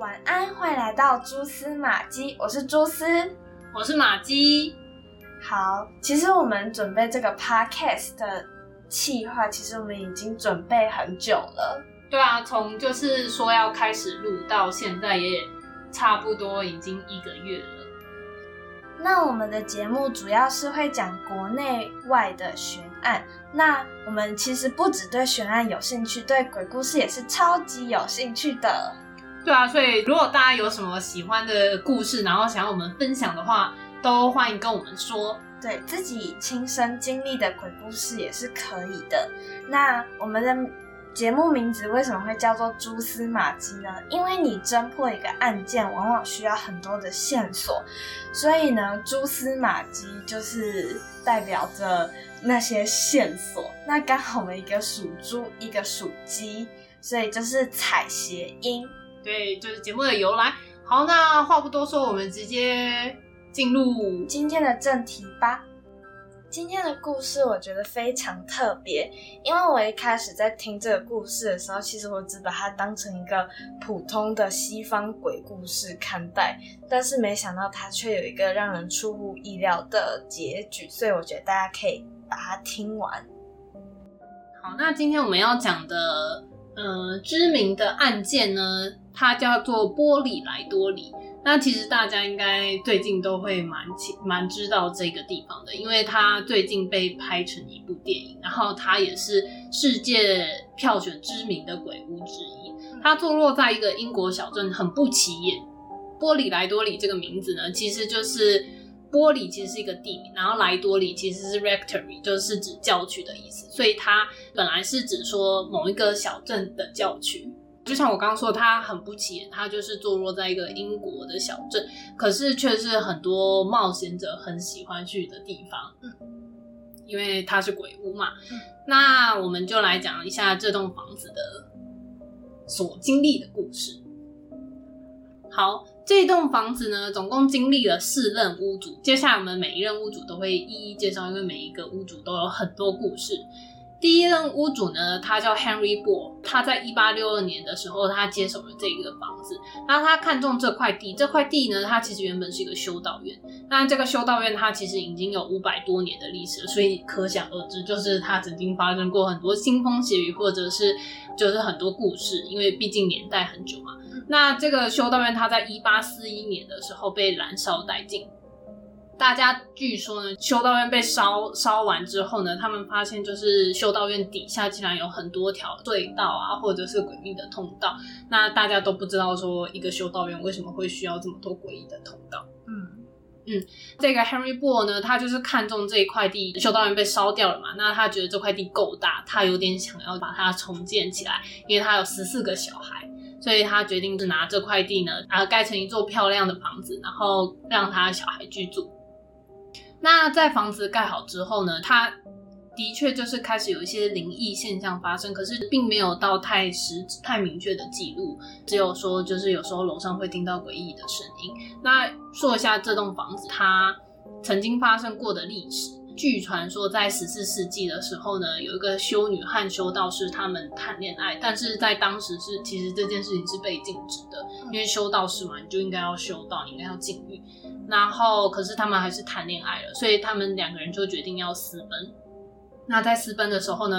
晚安，歡迎來到蛛絲馬跡。我是蛛絲，我是馬跡。好，其實我們準備這個 podcast 的計劃，其實我們已經準備很久了。對啊，從就是說要開始錄到現在，也差不多已經一個月了。那我們的節目主要是會講國內外的懸案。那我們其實不只對懸案有興趣，對鬼故事也是超級有興趣的。對啊，所以如果大家有什麼喜歡的故事，然後想要我們分享的話，都歡迎跟我們說。對，自己親身經歷的鬼故事也是可以的。那我們的節目名字為什麼會叫做蛛絲馬跡呢？因為你偵破一個案件，往往需要很多的線索，所以呢，蛛絲馬跡就是代表着那些線索。那剛好我們一個屬豬，一個屬雞，所以就是採諧音。對，就是節目的由來。好，那話不多說，我們直接進入今天的正題吧。今天的故事我覺得非常特別，因為我一開始在聽這個故事的時候，其實我只把它當成一個普通的西方鬼故事看待，但是沒想到它卻有一個讓人出乎意料的結局，所以我覺得大家可以把它聽完。好，那今天我們要講的，嗯、呃，知名的案件呢？它叫做波麗萊多里，那其實大家應該最近都會蠻蠻知道這個地方的，因為它最近被拍成一部電影，然後它也是世界票選知名的鬼屋之一。它坐落在一個英國小鎮，很不起眼。波麗萊多里這個名字呢，其實就是波麗其實是一個地名，然後萊多里其實是 rectory，就是指教區的意思，所以它本來是指說某一個小鎮的教區。就像我剛剛說，它很不起眼，它就是坐落在一個英國的小鎮，可是卻是很多冒險者很喜歡去的地方，因為它是鬼屋嘛。嗯，那我們就來講一下這棟房子的所經歷的故事。好，這棟房子呢，總共經歷了四任屋主。接下來我們每一任屋主都會一一介紹，因為每一個屋主都有很多故事。第一任屋主呢，他叫 Henry Bull，他在一八六二年的時候，他接手了這個房子。那他看中這塊地，這塊地呢，它其實原本是一個修道院，那這個修道院它其實已經有五百多年的歷史了，所以可想而知，就是它曾經發生過很多腥風血雨，或者是就是很多故事，因為畢竟年代很久嘛。那這個修道院，它在一八四一年的時候被燃燒殆盡。大家據說呢，修道院被燒燒完之後呢，他們發現就是修道院底下竟然有很多條隧道啊，或者是詭異的通道。那大家都不知道說一個修道院為什麼會需要這麼多詭異的通道。嗯嗯，這個 Henry Bull 呢，他就是看中這一塊地，修道院被燒掉了嘛，那他覺得這塊地夠大，他有點想要把它重建起來，因為他有十四個小孩，所以他決定是拿這塊地呢，把它蓋成一座漂亮的房子，然後讓他的小孩居住。那在房子蓋好之後呢，它的確就是開始有一些靈異現象發生，可是並沒有到太實、太明確的記錄，只有說就是有時候樓上會聽到詭異的聲音。那說一下這棟房子它曾經發生過的歷史。據傳說，在十四世紀的時候呢，有一個修女和修道士他們談戀愛，但是在當時是其實這件事情是被禁止的，因為修道士嘛，你就應該要修道，你應該要禁欲，然後可是他們還是談戀愛了，所以他們兩個人就決定要私奔。那在私奔的時候呢，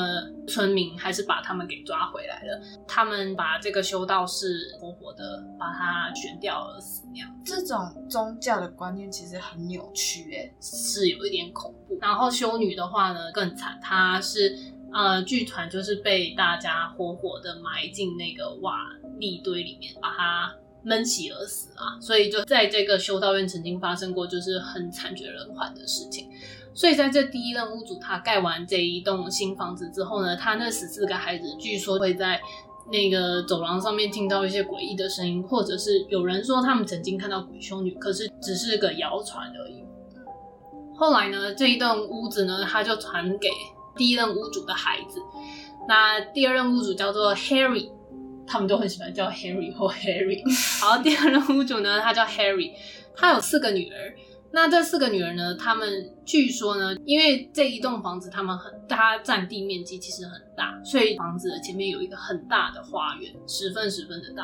村民還是把他們給抓回來了。他們把這個修道士活活的把他懸吊而死掉。那這種宗教的觀念其實很扭曲，欸，是有一點恐怖。然後修女的話呢，更慘，她是呃，劇團就是被大家活活的埋進那個瓦礫堆裡面，把它悶起而死啊。所以就在這個修道院曾經發生過，就是很慘絕人寰的事情。所以在這第一任屋主他蓋完這一棟新房子之後呢，他那十四個孩子據說會在那個走廊上面聽到一些詭異的聲音，或者是有人說他們曾經看到鬼修女，可是只是個謠傳而已。後來呢，這一棟屋子呢，他就傳給第一任屋主的孩子。那第二任屋主叫做 Harry，他們都很喜歡叫 Harry 或 Harry。 好，第二任屋主呢，他叫 Harry，他有四個女兒。那這四個女人呢，她們據說呢，因為這一棟房子，他們很大，佔地面積其實很大，所以房子的前面有一個很大的花園，十分十分的大。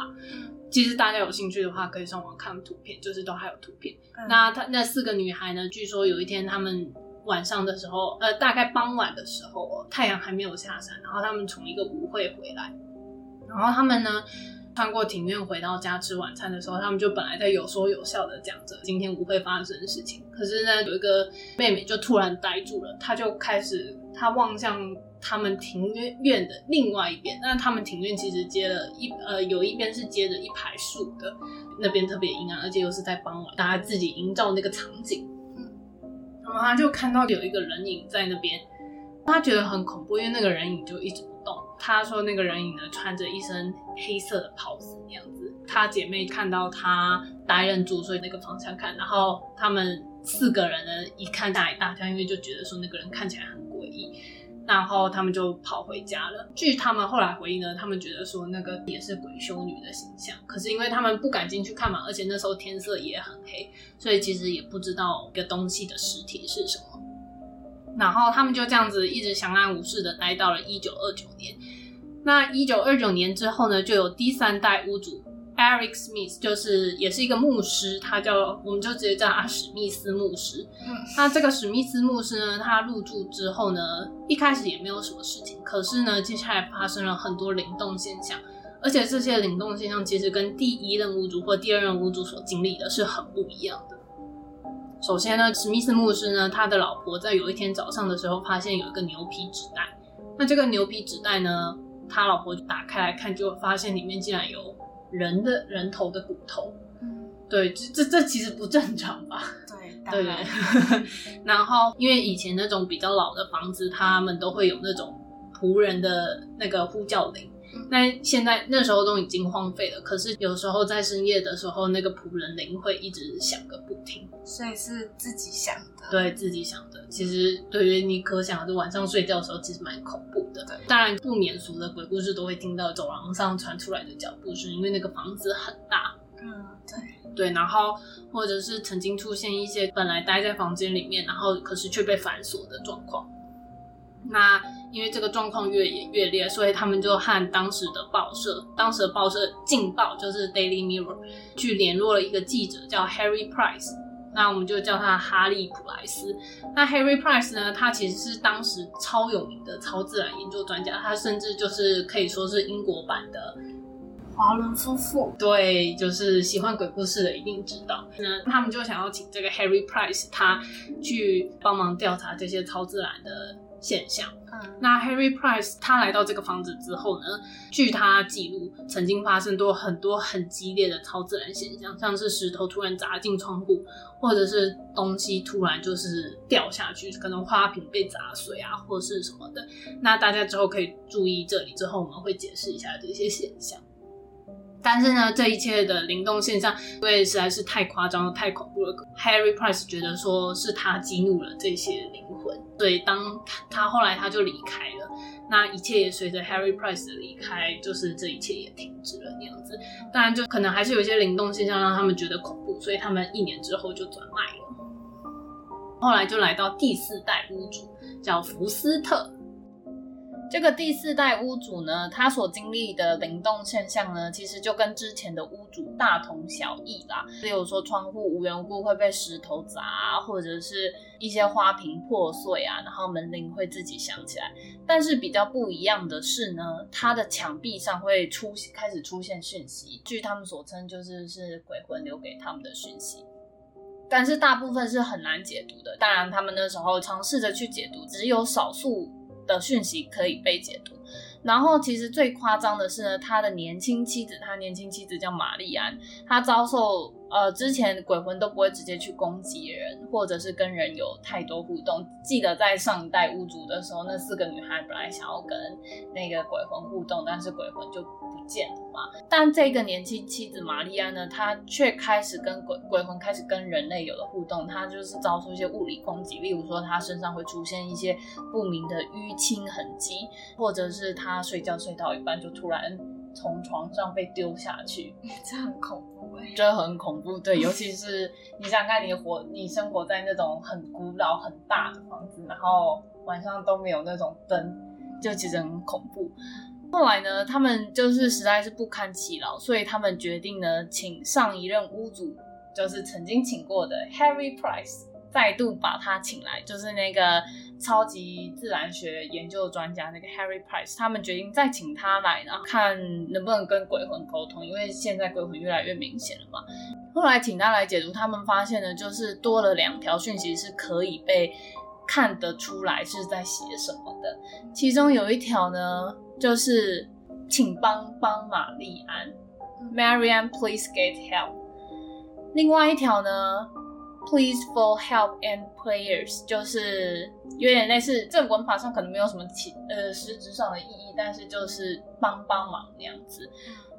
其實大家有興趣的話，可以上網看圖片，就是都還有圖片。嗯。那他那四個女孩呢，據說有一天他們晚上的時候，呃，大概傍晚的時候，太陽還沒有下山，然後他們從一個舞會回來，然後他們呢，穿過庭院回到家吃晚餐的時候，他們就本來在有說有笑的講着今天舞會發生的事情。可是呢，有一個妹妹就突然呆住了，她就開始她望向他們庭院的另外一邊。那他們庭院其實接了一呃，有一邊是接着一排樹的，那邊特別陰暗，而且又是在傍晚，大家自己營造那個場景。嗯，然後她就看到有一個人影在那邊，她覺得很恐怖，因為那個人影就一直。他說：“那個人影呢，穿着一身黑色的袍子，那樣子。他姐妹看到他呆愣住，所以那個方向看。然後他們四個人呢，一看嚇一大跳，因為就覺得說那個人看起來很詭異。然後他們就跑回家了。據他們後來回憶呢，他們覺得說那個也是鬼修女的形象。可是因為他們不敢進去看嘛，而且那時候天色也很黑，所以其實也不知道那個東西的實體是什麼。然後他們就這樣子一直相安無事的待到了一九二九年。”那一九二九年之後呢，就有第三代屋主 Eric Smith，就是也是一個牧師，他叫我們就直接叫他史密斯牧師。嗯，那這個史密斯牧師呢，他入住之後呢，一開始也沒有什麼事情，可是呢，接下來發生了很多靈動現象，而且這些靈動現象其實跟第一任屋主或第二任屋主所經歷的是很不一樣的。首先呢，史密斯牧師呢，他的老婆在有一天早上的時候，發現有一個牛皮紙袋，那這個牛皮紙袋呢，他老婆打開來看，就發現裡面竟然有人的人頭的骨頭。嗯，對，這這這其實不正常吧？對對。然後，因為以前那種比較老的房子，他們都會有那種僕人的那個呼叫鈴。那現在那時候都已經荒廢了，可是有時候在深夜的時候，那個僕人鈴會一直響個不停，所以是自己響的，對自己響的。其實對於你，可想而知晚上睡覺的時候，其實蠻恐怖的。對當然不免俗的鬼故事都會聽到走廊上傳出來的腳步聲，因為那個房子很大。嗯，對對，然後或者是曾經出現一些本來待在房間裡面，然後可是卻被反鎖的狀況，那。因為這個狀況越演越烈，所以他們就和當時的報社，當時的報社《鏡報》就是《Daily Mirror》，去聯絡了一個記者叫 Harry Price，那我們就叫他哈利·普萊斯。那 Harry Price 呢，他其實是當時超有名的超自然研究專家，他甚至就是可以說是英國版的華倫夫婦。對，就是喜歡鬼故事的一定知道。那他們就想要請這個 Harry Price 他去幫忙調查這些超自然的。現象。嗯，那 Harry Price 他來到這個房子之後呢，據他記錄，曾經發生過很多很激烈的超自然現象，像是石頭突然砸進窗戶，或者是東西突然就是掉下去，可能花瓶被砸碎啊，或是什麼的。那大家之後可以注意這裡，之後我們會解釋一下這些現象。但是呢，這一切的靈動現象，因為實在是太誇張了，太恐怖了。Harry Price 覺得說是他激怒了這些靈魂，所以當他，他後來他就離開了。那一切也隨着 Harry Price 的離開，就是這一切也停止了那樣子。當然，就可能還是有一些靈動現象讓他們覺得恐怖，所以他們一年之後就轉賣了。後來就來到第四代屋主，叫福斯特。這個第四代屋主呢，他所經歷的靈動現象呢，其實就跟之前的屋主大同小異啦。例如說窗戶無緣無故會被石頭砸，或者是一些花瓶破碎啊，然後門鈴會自己響起來。但是比較不一樣的是呢，他的牆壁上會出開始出現訊息，據他們所稱，就是是鬼魂留給他們的訊息。但是大部分是很難解讀的。當然，他們那時候嘗試着去解讀，只有少數。的訊息可以被解讀，然後其實最誇張的是呢，他的年輕妻子，他年輕妻子叫瑪麗安，他遭受呃，之前鬼魂都不會直接去攻擊人，或者是跟人有太多互動。記得在上一代屋主的時候，那四個女孩本來想要跟那個鬼魂互動，但是鬼魂就。見嘛？但這個年輕妻子瑪麗安呢，她卻開始跟鬼鬼魂開始跟人類有了互動。她就是遭受一些物理攻擊，例如說她身上會出現一些不明的淤青痕跡，或者是她睡覺睡到一半就突然從床上被丟下去， 這很恐怖哎，這很恐怖。對，尤其是你想看，你活你生活在那種很古老很大的房子，然後晚上都沒有那種燈，就其實很恐怖。後來呢，他們就是實在是不堪其擾，所以他們決定呢，請上一任屋主，就是曾經請過的 Harry Price，再度把他請來，就是那個超級自然學研究專家那個 Harry Price，他們決定再請他來，然後看能不能跟鬼魂溝通，因為現在鬼魂越來越明顯了嘛。後來請他來解讀，他們發現呢，就是多了兩條訊息是可以被看得出來是在寫什麼的，其中有一條呢，就是，請幫幫瑪麗安 Marianne, please get help。另外一條呢，please for help and prayers，就是有點類似，這文法上可能沒有什麼其呃實質上的意義，但是就是幫幫忙那樣子，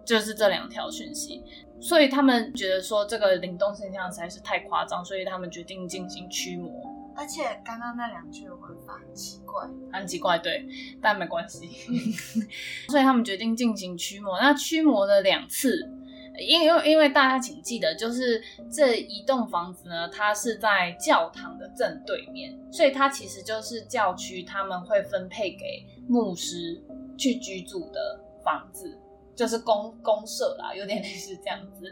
就是這兩條訊息。所以他們覺得說這個靈動現象實在是太誇張，所以他們決定進行驅魔。而且剛剛那兩句的文法很奇怪，很奇怪，對，但沒關係。 所以他們決定進行驅魔。那驅魔了兩次，因為因為大家請記得，就是這一棟房子呢，它是在教堂的正對面，所以它其實就是教區他們會分配給牧師去居住的房子。就是公公社啦，有點類似這樣子，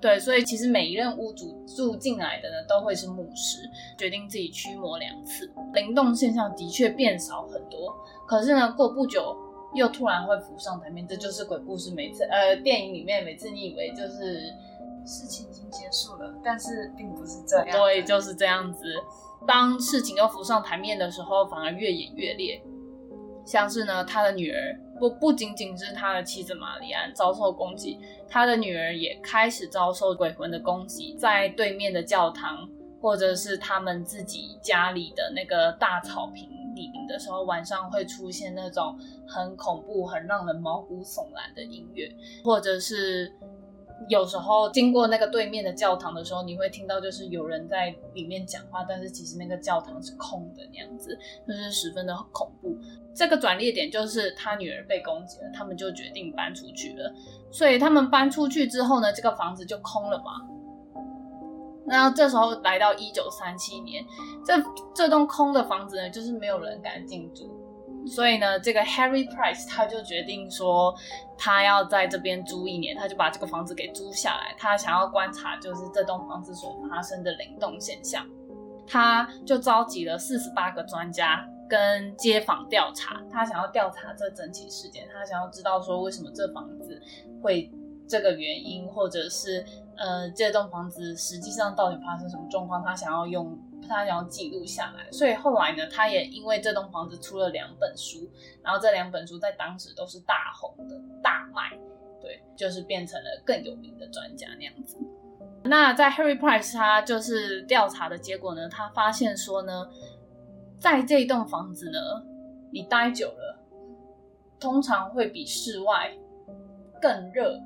對，所以其實每一任屋主住進來的呢，都會是牧師決定自己驅魔兩次，靈動現象的確變少很多。可是呢，過不久又突然會浮上台面，這就是鬼故事。每次呃，電影裡面每次你以為就是事情已經結束了，但是並不是這樣，對，就是這樣子。當事情又浮上台面的時候，反而越演越烈，像是呢他的女兒。不不僅僅是他的妻子瑪麗安遭受攻擊，他的女兒也開始遭受鬼魂的攻擊。在對面的教堂，或者是他們自己家裡的那個大草坪裡的時候，晚上會出現那種很恐怖、很讓人毛骨悚然的音樂，或者是。有時候經過那個對面的教堂的時候，你會聽到就是有人在裡面講話，但是其實那個教堂是空的那樣子，就是十分的恐怖。這個轉捩點就是他女兒被攻擊了，他們就決定搬出去了。所以他們搬出去之後呢，這個房子就空了嘛。那這時候來到一九三七年，這這棟空的房子呢，就是沒有人敢進駐。所以呢，這個 Harry Price 他就決定說，他要在這邊租一年，他就把這個房子給租下來。他想要觀察，就是這棟房子所發生的靈異現象。他就召集了四十八個專家跟街坊調查，他想要調查這整起事件，他想要知道說為什麼這房子會這個原因，或者是呃這棟房子實際上到底發生什麼狀況？他想要用。他想要記錄下來，所以後來呢，他也因為這棟房子出了兩本書，然後這兩本書在當時都是大紅的大賣，對，就是變成了更有名的專家那樣子。那在 Harry Price 他就是調查的結果呢，他發現說呢，在這棟房子呢，你待久了，通常會比室外更熱，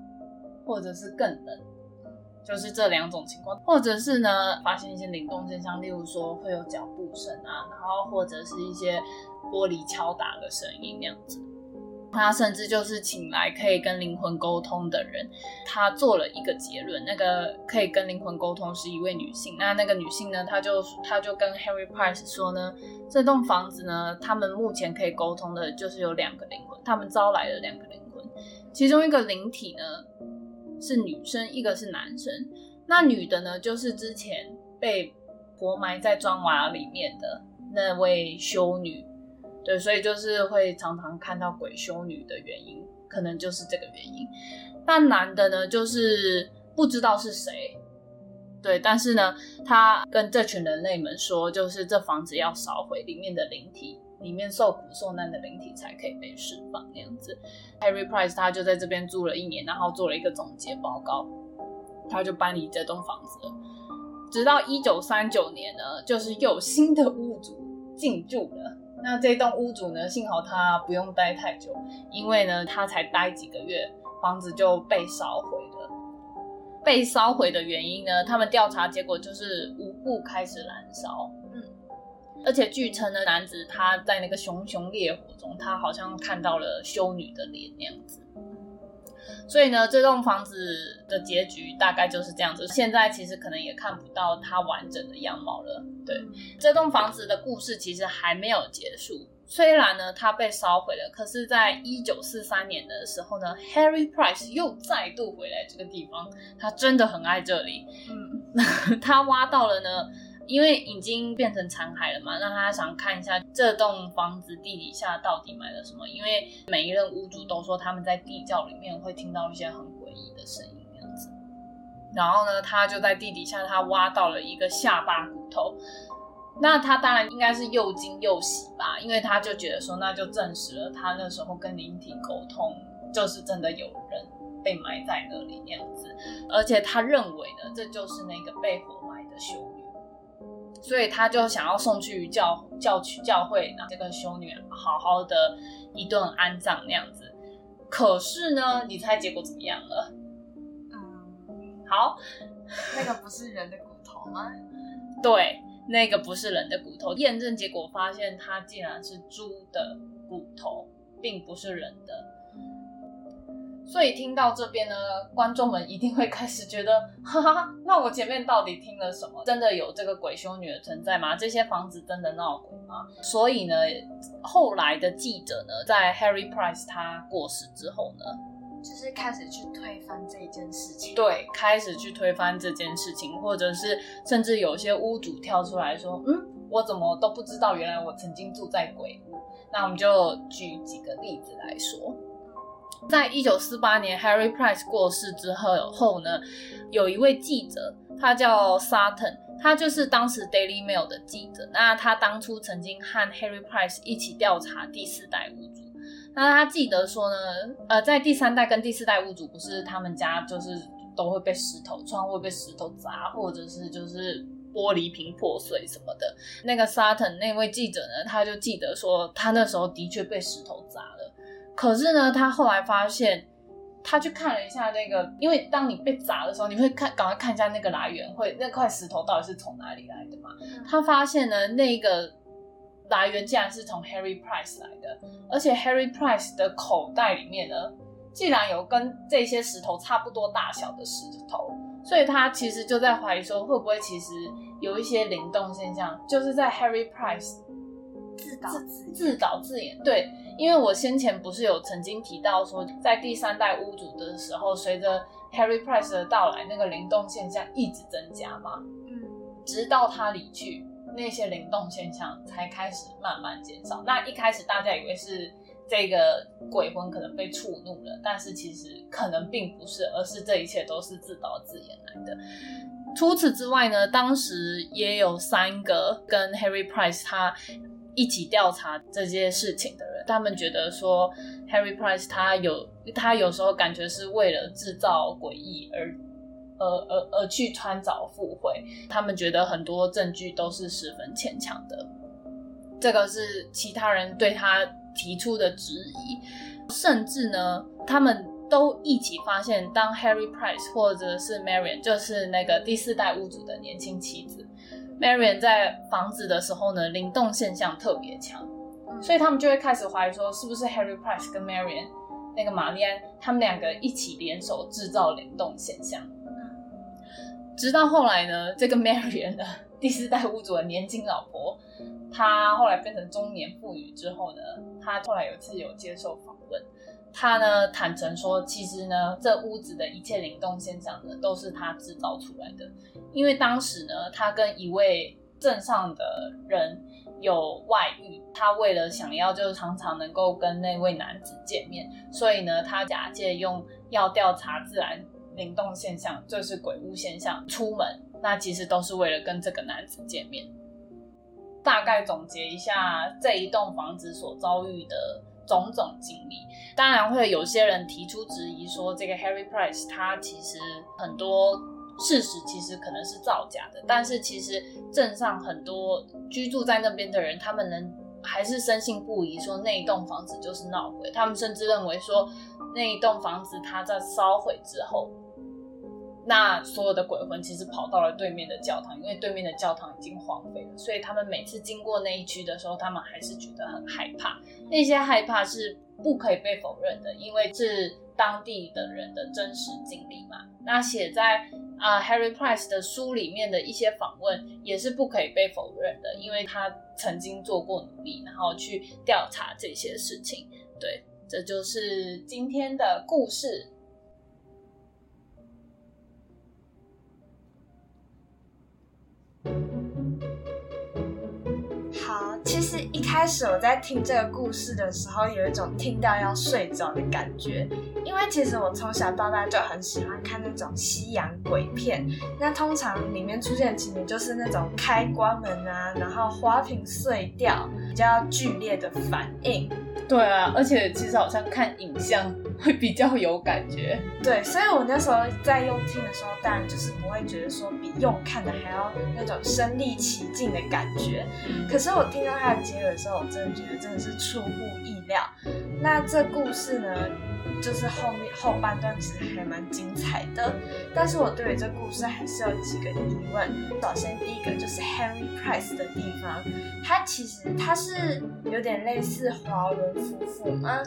或者是更冷。就是這兩種情況，或者是呢，發現一些靈異現象，例如說會有腳步聲啊，然後或者是一些玻璃敲打的聲音那樣子。他甚至就是請來可以跟靈魂溝通的人，他做了一個結論，那個可以跟靈魂溝通是一位女性。那那個女性呢，她就她就跟 Harry Price 說呢，這棟房子呢，他們目前可以溝通的就是有兩個靈魂，他們招來了兩個靈魂，其中一個靈體呢。是女生，一個是男生。那女的呢，就是之前被活埋在磚瓦裡面的那位修女，對，所以就是會常常看到鬼修女的原因，可能就是這個原因。那男的呢，就是不知道是誰，對，但是呢，他跟這群人類們說，就是這房子要燒毀，裡面的靈體。裡面受苦受難的靈體才可以被釋放，這樣子。Harry Price 他就在這邊住了一年，然後做了一個總結報告，他就搬離這棟房子了。直到一九三九年呢，就是又有新的屋主進駐了。那這棟屋主呢，幸好他不用待太久，因為呢，他才待幾個月，房子就被燒毀了。被燒毀的原因呢，他們調查結果就是無故開始燃燒。而且據稱的男子，他在那個熊熊烈火中，他好像看到了修女的臉那樣子。所以呢，這棟房子的結局大概就是這樣子。現在其實可能也看不到他完整的樣貌了。對，這棟房子的故事其實還沒有結束。雖然呢，它被燒毀了，可是在一九四三年的時候呢，Harry Price 又再度回來這個地方。他真的很愛這裡。嗯，他挖到了呢。因為已經變成殘骸了嘛，讓他想看一下這棟房子地底下到底埋了什麼。因為每一任屋主都說他們在地窖裡面會聽到一些很詭異的聲音那樣子。然後呢，他就在地底下他挖到了一個下巴骨頭。那他當然應該是又驚又喜吧，因為他就覺得說，那就證實了他那時候跟靈體溝通就是真的有人被埋在那裡那樣子。而且他認為呢，這就是那個被活埋的修。所以他就想要送去教教區教，教會呢，這個修女好好的一頓安葬那樣子。可是呢，你猜結果怎麼樣了？嗯，好，那個不是人的骨頭嗎？對，那個不是人的骨頭。驗證結果發現，它竟然是豬的骨頭，並不是人的。所以聽到這邊呢，觀眾們一定會開始覺得哈哈，那我前面到底聽了什麼？真的有這個鬼修女的存在嗎？這些房子真的鬧鬼嗎？嗯、所以呢，後來的記者呢，在 Harry Price 他過世之後呢，就是開始去推翻這件事情。對，開始去推翻這件事情，或者是甚至有些屋主跳出來說，嗯，我怎麼都不知道，原來我曾經住在鬼屋。嗯、那我們就舉幾個例子來說。在一九四八年，Harry Price 過世之後後呢，有一位記者，他叫 Sutton，他就是當時 Daily Mail 的記者。那他當初曾經和 Harry Price 一起調查第四代屋主。那他記得說呢，呃，在第三代跟第四代屋主，不是他們家就是都會被石頭撞，會被石頭砸，或者是就是玻璃瓶破碎什麼的。那個 Sutton 那位記者呢，他就記得說，他那時候的確被石頭砸了。可是呢，他後來發現，他去看了一下那個，因為當你被砸的時候，你會看，趕快看一下那個來源，會，那塊石頭到底是從哪裡來的嘛？嗯。他發現呢，那一個來源竟然是從 Harry Price 來的，而且 Harry Price 的口袋裡面呢，竟然有跟這些石頭差不多大小的石頭，所以他其實就在懷疑說，會不會其實有一些靈動現象，就是在 Harry Price。自導自自導自演。對，因為我先前不是有曾經提到說，在第三代屋主的時候，隨着 Harry Price 的到來，那個靈動現象一直增加嘛，嗯，直到他離去，那些靈動現象才開始慢慢減少。那一開始大家以為是這個鬼魂可能被觸怒了，但是其實可能並不是，而是這一切都是自導自演來的。除此之外呢，當時也有三個跟 Harry Price 他。一起調查這些事情的人，他們覺得說 Harry Price 他有他有時候感覺是為了制造詭異而而而而去穿鑿附會，他們覺得很多證據都是十分牽強的。這個是其他人對他提出的質疑，甚至呢，他們都一起發現，當 Harry Price 或者是 Marian 就是那個第四代屋主的年輕妻子。Marian 在房子的時候呢，靈動現象特別強，所以他們就會開始懷疑說，是不是 Harry Price 跟 Marian 那個瑪麗安，他們兩個一起聯手制造靈動現象。直到後來呢，這個 Marian 的第四代屋主的年輕老婆，她後來變成中年婦女之後呢，她後來有次有接受訪問。他呢，坦承說，其實呢，這屋子的一切靈動現象呢，都是他製造出來的。因為當時呢，他跟一位鎮上的人有外遇，他為了想要就是常常能夠跟那位男子見面，所以呢，他假借用要調查自然靈動現象，就是鬼屋現象，出門，那其實都是為了跟這個男子見面。大概總結一下，這一棟房子所遭遇的種種經歷，當然會有些人提出質疑，說這個 Harry Price 他其實很多事實其實可能是造假的，但是其實鎮上很多居住在那邊的人，他們能還是深信不疑，說那一棟房子就是鬧鬼，他們甚至認為說那一棟房子它在燒毀之後。那所有的鬼魂其實跑到了對面的教堂，因為對面的教堂已經荒廢了，所以他們每次經過那一區的時候，他們還是覺得很害怕。那些害怕是不可以被否認的，因為是當地的人的真實經歷嘛。那寫在啊，呃，Harry Price 的書裡面的一些訪問也是不可以被否認的，因為他曾經做過努力，然後去調查這些事情。對，這就是今天的故事。其實一開始我在聽這個故事的時候，有一種聽到要睡着的感覺，因為其實我從小到大就很喜歡看那種西洋鬼片，那通常裡面出現的情景就是那種開關門啊，然後花瓶碎掉，比較劇烈的反應。對啊，而且其實好像看影像會比較有感覺。對，所以我那時候在用聽的時候，當然就是不會覺得說比用看的還要那種身臨其境的感覺。可是我聽到它的結尾的時候，我真的覺得真的是出乎意料。那這故事呢，就是後面後半段其實還蠻精彩的，但是我對於這故事還是有幾個疑問。首先第一個就是 Harry Price 的地方，他其實他是有點類似華倫。夫婦嗎？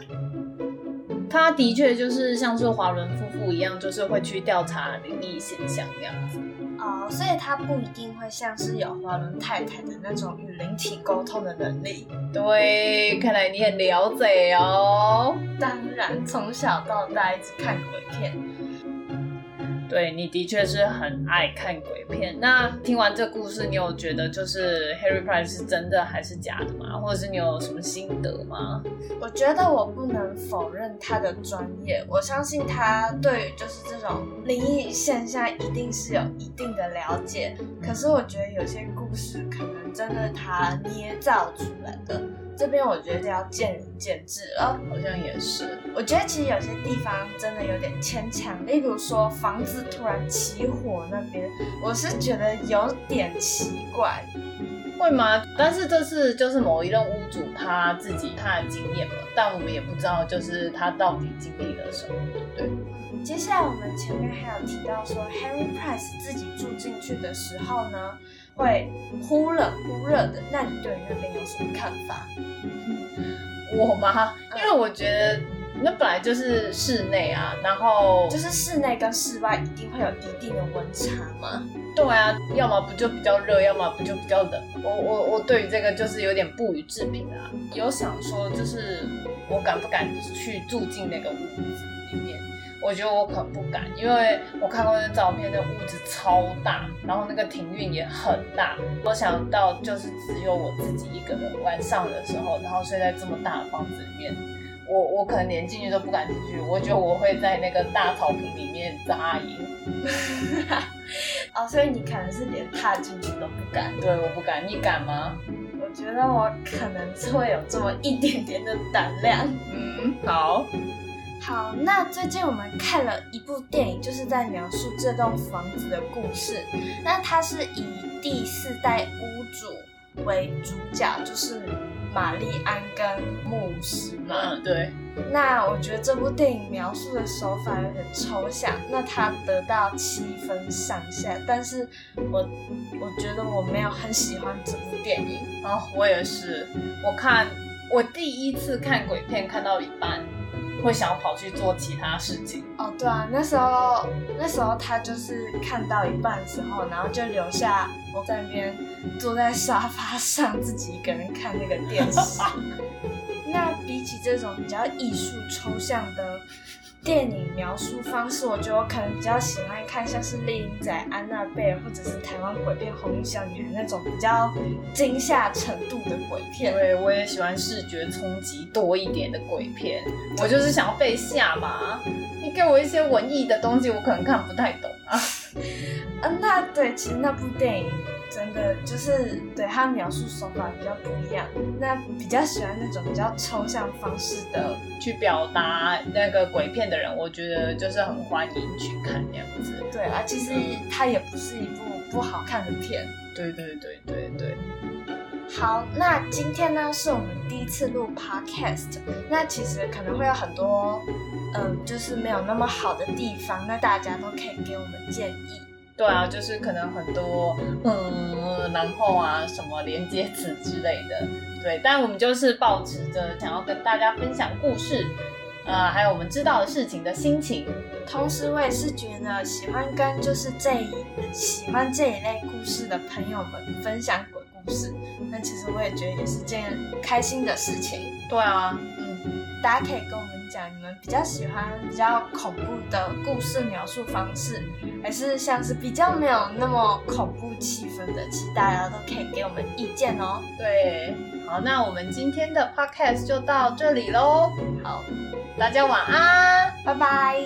他的確就是像是華倫夫婦一樣，就是會去調查靈異現象這樣子哦，所以他不一定會像是有華倫太太的那種與靈體溝通的能力。對，嗯，看來你很了解哦。當然，從小到大一直看鬼片。對你的確是很愛看鬼片。那聽完這故事，你有覺得就是 Harry Price 是真的還是假的嗎？或者是你有什麼心得嗎？我覺得我不能否認他的專業，我相信他對於就是這種靈異現象一定是有一定的了解。可是我覺得有些故事可能真的他捏造出來的。這邊我覺得要見仁見智了，好像也是。我覺得其實有些地方真的有點牽強，例如說房子突然起火那邊，我是覺得有點奇怪。會嗎？但是這是就是某一任屋主他自己他的經驗嘛，但我們也不知道就是他到底經歷了什麼，對不對？嗯，接下來我們前面還有提到說 Harry Price 自己住進去的時候呢，會忽冷忽熱的，那你對那邊有什麼看法？嗯、我嗎？啊、因為我覺得那本來就是室內啊，然後就是室內跟室外一定會有一定的溫差嗎，對啊，要麼不就比較熱，要麼不就比較冷。我我我對於這個就是有點不予置評啊，有、嗯、想說就是我敢不敢去住進那個屋子？我覺得我可不敢，因為我看過那照片的屋子超大，然後那個庭院也很大。我想到就是只有我自己一個人晚上的時候，然後睡在這麼大的房子裡面，我我可能連進去都不敢進去。我覺得我會在那個大草坪裡面紮營。 哦，所以你可能是連踏進去都不敢。對，我不敢。你敢嗎？我覺得我可能會有這麼一點點的膽量。嗯，好。好，那最近我們看了一部電影，就是在描述這棟房子的故事。那它是以第四代屋主為主角，就是瑪麗安跟牧師嘛。啊，對。那我覺得這部電影描述的手法有點抽象。那它得到七分上下，但是我我覺得我沒有很喜歡這部電影，然後我也是，我看我第一次看鬼片看到一半。會想跑去做其他事情哦，oh, 對啊，那時候那時候他就是看到一半之後，然後就留下我在那邊坐在沙發上自己一個人看那個電視。 那比起這種比較藝術抽象的。電影描述方式，我覺得我可能比較喜歡看像是《厲陰宅》《安娜貝爾》或者是台灣鬼片《紅衣小女孩》那種比較驚嚇程度的鬼片。對，我也喜歡視覺衝擊多一點的鬼片，我就是想要被嚇嘛。你給我一些文藝的東西，我可能看不太懂啊。嗯、啊，那對，其實那部電影。真的就是對他描述手法比較不一樣，那比較喜歡那種比較抽象方式的去表達那個鬼片的人，我覺得就是很歡迎去看這樣子。對啊，其實它也不是一部不好看的片。對對對對對,對。好，那今天呢是我們第一次錄 podcast，那其實可能會有很多，嗯、呃，就是沒有那麼好的地方，那大家都可以給我們建議。對啊，就是可能很多嗯，然後啊，什麼連接詞之類的，對。但我們就是抱持着想要跟大家分享故事，呃，還有我們知道的事情的心情。同時，我也是覺得喜歡跟就是這一喜歡這一類故事的朋友們分享鬼故事，那其實我也覺得也是件開心的事情。對啊，嗯，大家可以跟我們講你們比較喜歡比較恐怖的故事描述方式。還是像是比較沒有那麼恐怖氣氛的，期待大家都可以給我們意見哦。對，好，那我們今天的 podcast 就到這裡嘍。好，大家晚安，拜拜。